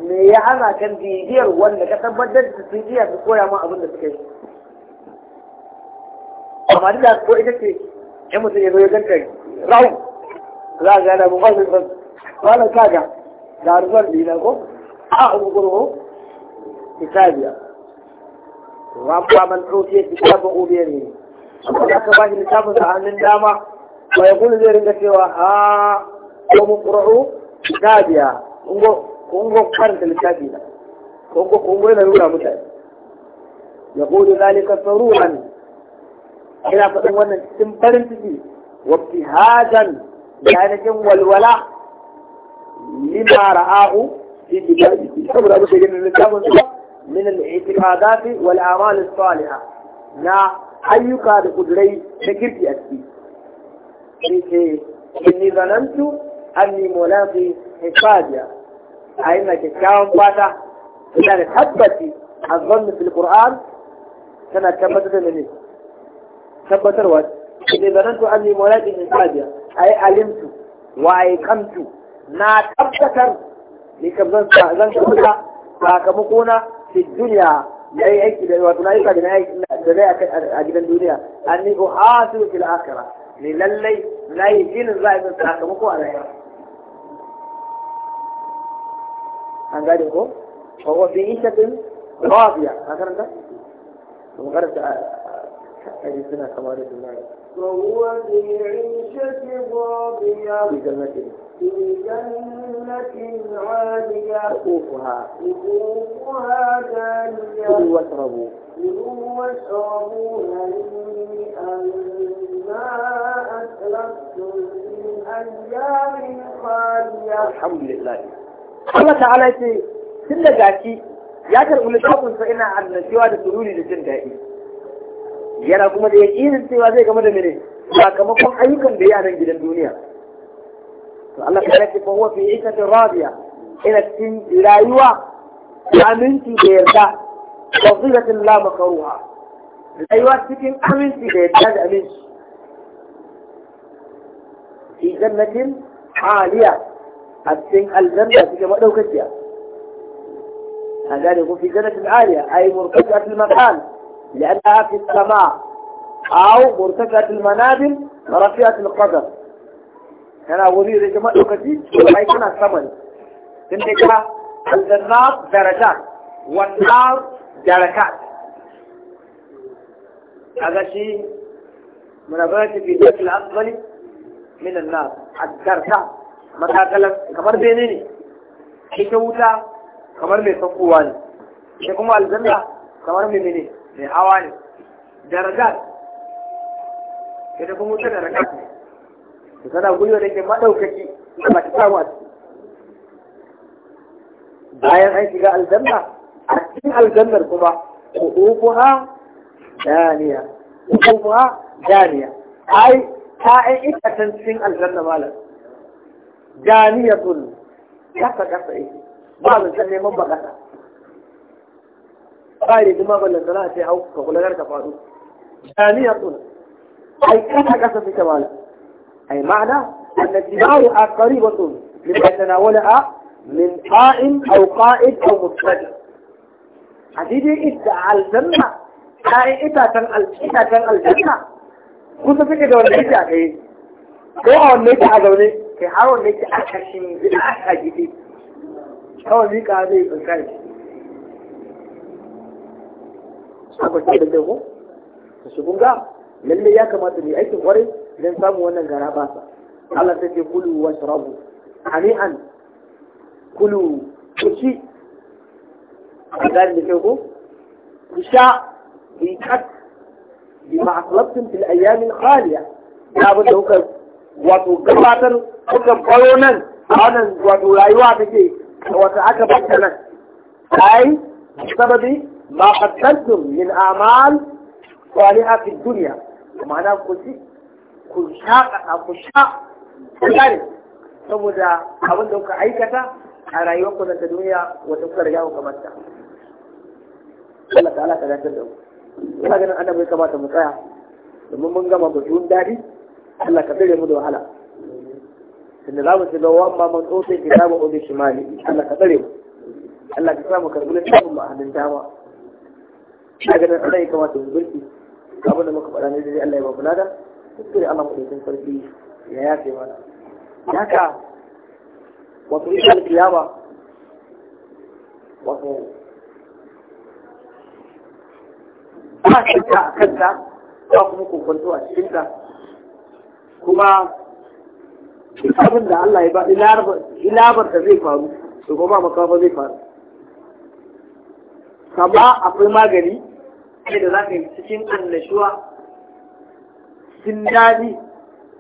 me ya ana kan jijiyar wanda ka tabbatar da sun iya su koya ma abin da suka yi amma duk da ko ita ce ya mutum ya zo ya ganta rau za a gana mu ba wala kaga ga ruwan dina ko a ugurgo kitabiya wa ba man utiya kitabu ubiyani amma aka bashi littafin sa hannun dama wa ya kula zai ringa cewa ha ko mun qur'u kitabiya ungo ungo karanta littafi da ungo ungo yana nuna mutane ya kudu zalika saruran ina faɗin wannan cikin farin ciki wa ibtihajan yana jin walwala لما رآه في كتابه من الاعتقادات والأعمال الصالحة نا أي هذا قدري شكرت أكي إني ظننت أني ملاقي حفاظيا أين كاون باتا إذا تحبتي الظن في القرآن كان تثبتت مني ثبت الوقت إني ظننت أني ملاقي حفاظيا أي علمت وأيقنت na tabbatar ni kam zan zan tabbatar sakamako na fi duniya dai aiki da wato na aika da na aiki da zai a gidan duniya an ni uhasibu fil akhirah ni lalle nai yi zai za sakamako a rayuwa an gane ko fa huwa fi ishatin radiya ka karanta kuma karanta أي سنة كما رسول الله فهو في عيشة راضية بجنته في جنة عالية دانية كلوا واشربوا كلوا واشربوا هنيئا ما أسلفتم في أيام خالية الحمد لله Allah ta'ala ce tun da ya karɓi littafinsa ina annashewa da sururi da jin daɗi yana kuma da yaƙinin cewa zai game da mene sakamakon ayyukan da yaran gidan duniya الله تعالى فهو في عيسة الراضية إن السن أيوة. لا يوى أمنت بيرتا فضيلة لا مكروها أيوة سكن أمنت هذا أمنت في جنة عالية السن الجنة سكن مؤلو كتيا هذا يقول في جنة عالية أي مرتفعة المكان لأنها في السماء أو مرتفعة المنابل رفيعة القدر Kana wuri da jama'a lokaci bai kana saman. ne tun da ka al daraja darajat daraka. nar darakat kaga shi munabati fi dakil afdali min an-nar ad-darka kamar bene ne ita wuta kamar mai sakowa ne sai kuma aljanna kamar mai mene mai hawa ne darajat ita kuma wuta darakat ta sana gwiwa da ke maɗaukaki ba ta samu a ciki bayan an shiga aljanna a cikin aljannar kuma ƙuƙuƙuha daniya ƙuƙuƙuha daniya ai ita can cikin aljanna malam daniya tun kasa kasa ita. ba zan san neman ba kasa ba yi kuma ballan sana sai hau ka kula ka faɗo daniya tun ai kasa kasa fita malam أي معنى أن اتباع قريبة لما تناولها من قائم أو قائد أو مستجد حديدي إذا على الجنة هاي إذا تنقل إذا تنقل الجنة كنت فيك دور نيجا كي دور نيجا دوني كي هاو نيجا أكشن بلا أحاجي دي هاو نيجا دي بلكاي أقول كده ده هو تشوفون كا للي ياك ما تني أي تقرأ don samu wannan gara ba sa Allah ta ce kulu wa shirabu hani'an kulu ku ci a gani da ko ku sha ku yi kat bi ma'asalabtun fil al khaliya da ba da kuka wato gabatar kuka bayo nan a wannan wato rayuwa take wato aka bata nan ai sababi ma qaddantum min a'mal salihah fi dunya ma'ana ku ci ku shaƙaƙa ku sha kare saboda abin da kuka aikata a rayuwar ku ta duniya wata kuka riga kamar ta. Allah ta'ala ka dace da mu ina ganin annabi kamata mu tsaya domin mun gama batun dadi Allah ka tsare mu da wahala tunda za mu ci ga mun man tsotse kitabu ubi shimali Allah ka tsare mu Allah ka samu karbulin tabin mu a hannun dama ina ganin Allah ya kamata mu gurbi abin da muka faɗa ne dai Allah ya ba mu lada kuskure Allah madaukin sarki ya yafe mana haka wato ita alkiyama wato ba shakka a kanta ba kuma kokonto a cikinta kuma abin da Allah ya ba ilabar da zai faru to kuma makafa zai faru kama akwai magani da za ka yi cikin annashuwa jin dadi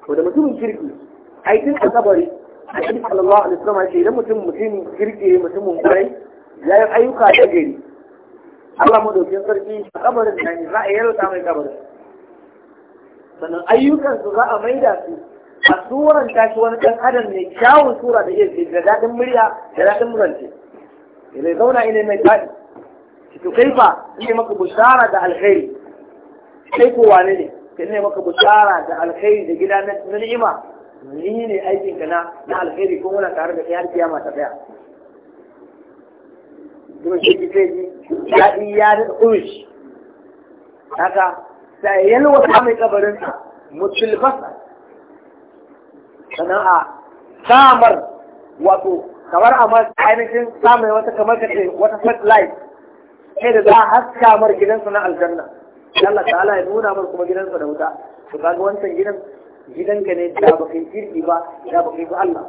ko da mutumin kirki ai tun a kabari sallallahu alaihi wasallam ce idan mutum mutumin kirki mutumin kurai ya yi ayyuka da gari Allah madaukin sarki a kabarin da ne za a yi yarda mai kabarin sannan ayyukansu za a maida su a suran shi wani ɗan adam ne kyawun sura da yake da daɗin murya da daɗin murance zai zauna ina mai ki to kai fa ne maka bushara da alkhairi kai ko wane ne ne maka bushara da alkhairi da gida na ni'ima ni ne aikin ka na na alkhairi ko muna tare da kai har kiyama ta tsaya domin shi kike ji ya iya da kush haka sai yalwa ta mai kabarin sa mutulbasa sannan a samar wato kamar a ainihin samun wata kamar ka ce wata satellite sai da za a haska mar gidansu na aljanna Allah ta'ala ya nuna mar kuma gidansa da wuta to kaga wancan gidan gidan ka ne da baka kirki ba da baka bi Allah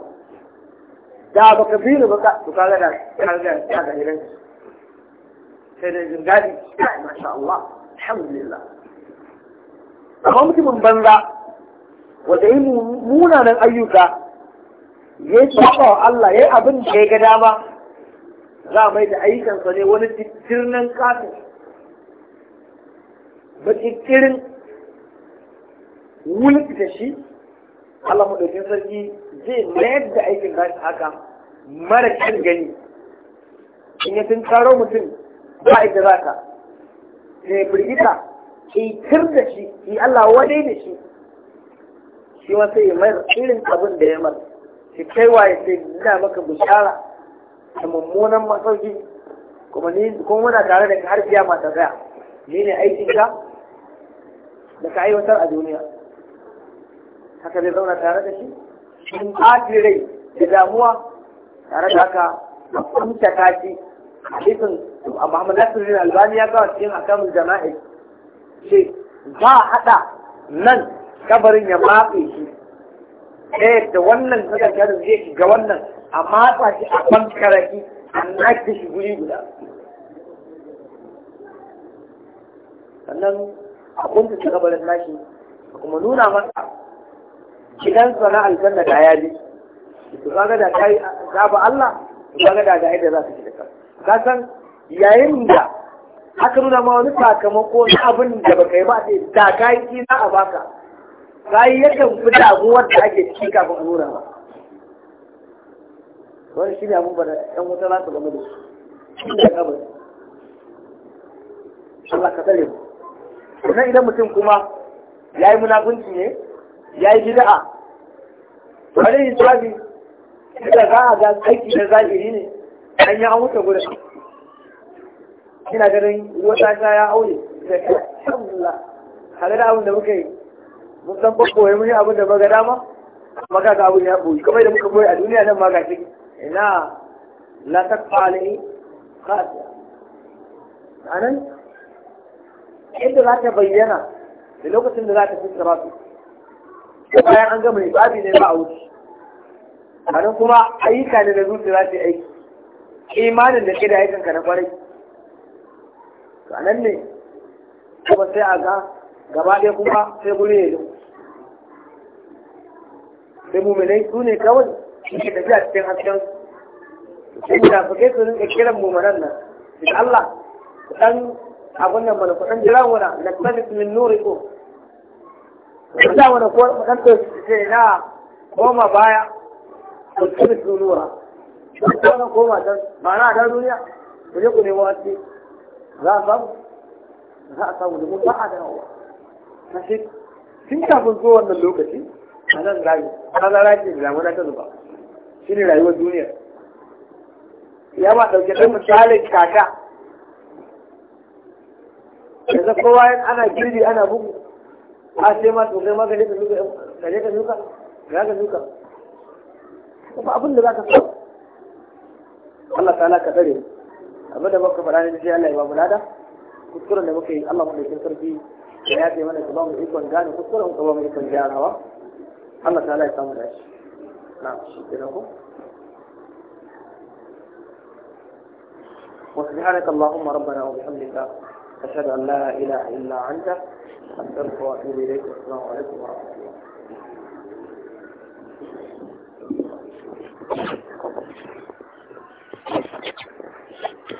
da baka bi ne baka to kaga da kaga da gidan sai da jingadi masha Allah alhamdulillah amma mutumin banza wanda yi munanan ayyuka ya yi wa Allah ya yi abin da ya ga dama za a mai da ayyukansa ne wani tirnan kafin baƙiƙirin da shi Allah maɗaukin sarki zai mayar da aikin nashi haka mara kyan gani in ya sun taro mutum ba a da zaka ta yi firgita ƙitar da shi yi Allah wadai da shi shi ma sai ya mayar irin abin da ya mar shi kaiwa ya sai ina maka bishara da mummunan masauki kuma ni kuma muna tare da har biya mata tsaya ni ne aikin ka da ka aiwatar a duniya haka zai zauna tare da shi in ɓaci rai da damuwa tare da haka kunta kashi hadisin Muhammad Nasiruddin Albani ya kawo cikin akamun jama'i ce ba haɗa nan kabarin ya matse shi ɗaya da wannan kasar zai shiga wannan a matsa shi a karaki a nake shi guri guda sannan a kuntuce kabarin nashi kuma nuna masa gidansa na aljanna da ya bi to kaga da kai zaba Allah Su kaga da ga yadda za su shiga ka san yayin da aka nuna ma wani sakamako na abin da baka yi ba sai da kai ki za a baka kai yakan fi damuwar da ake ciki kafin a nuna ba wani shi ne abin ba da ɗan wuta za su game da shi da kabari Allah ka tsare mu sannan idan mutum kuma ya yi munafunci ne ya yi ƙwarin wani hisabi da za a ga aiki da zahiri ne an yi an wuce gudun ina ganin wata ta ya aure da kyalla hada da abin da muka yi mun san ya muni yi abin da ga dama maka ga abin ya boyi kamar da muka boyi a duniya nan ma ga ciki ina la takfa alai khasiya anan inda za ta bayyana da lokacin da za ta ba su bayan an gama hisabi ne ba a wuce sannan kuma ayyuka ne da zuci za ta yi aiki imanin da ke da aikin ka na kwarai nan ne kuma sai a ga gaba ɗaya kuma sai guri ya don sai muminai su ne kawai suke tafiya cikin hasken su sai munafikai su rinka kiran muminan nan Allah dan abun nan mana kuɗin jira wuna na tafi min nuri ko kuɗa wuna ko ɗan to ce na koma baya ku tafi su nura ko na koma ta ba na ta duniya ku je ku nemo wasu za a samu za a samu domin ba a da yawa kashi tun kafin zuwa wannan lokaci a nan rayu an rara ce da damuna ta zuba shi ne rayuwar duniya ya ba ɗauke ɗan misalin kaka yanzu kowa yin ana girbi ana bugu a ce ma to kai ma gare ka shuka gare ka shuka ga ka nuka. ba abin da za ka samu Allah ta'ala ka tsare abin da baka faɗa ne sai Allah ya ba mu lada kuskuren da muka yi Allah mu da sarki ya ce mana ka ba mu ikon gane kuskuren ka ba mu ikon jarawa Allah ta'ala ya samu dashi na shi kenan ko وسبحانك اللهم ربنا وبحمدك أشهد أن لا إله إلا أنت أستغفرك وأتوب إليك والسلام عليكم ورحمة الله Thank you.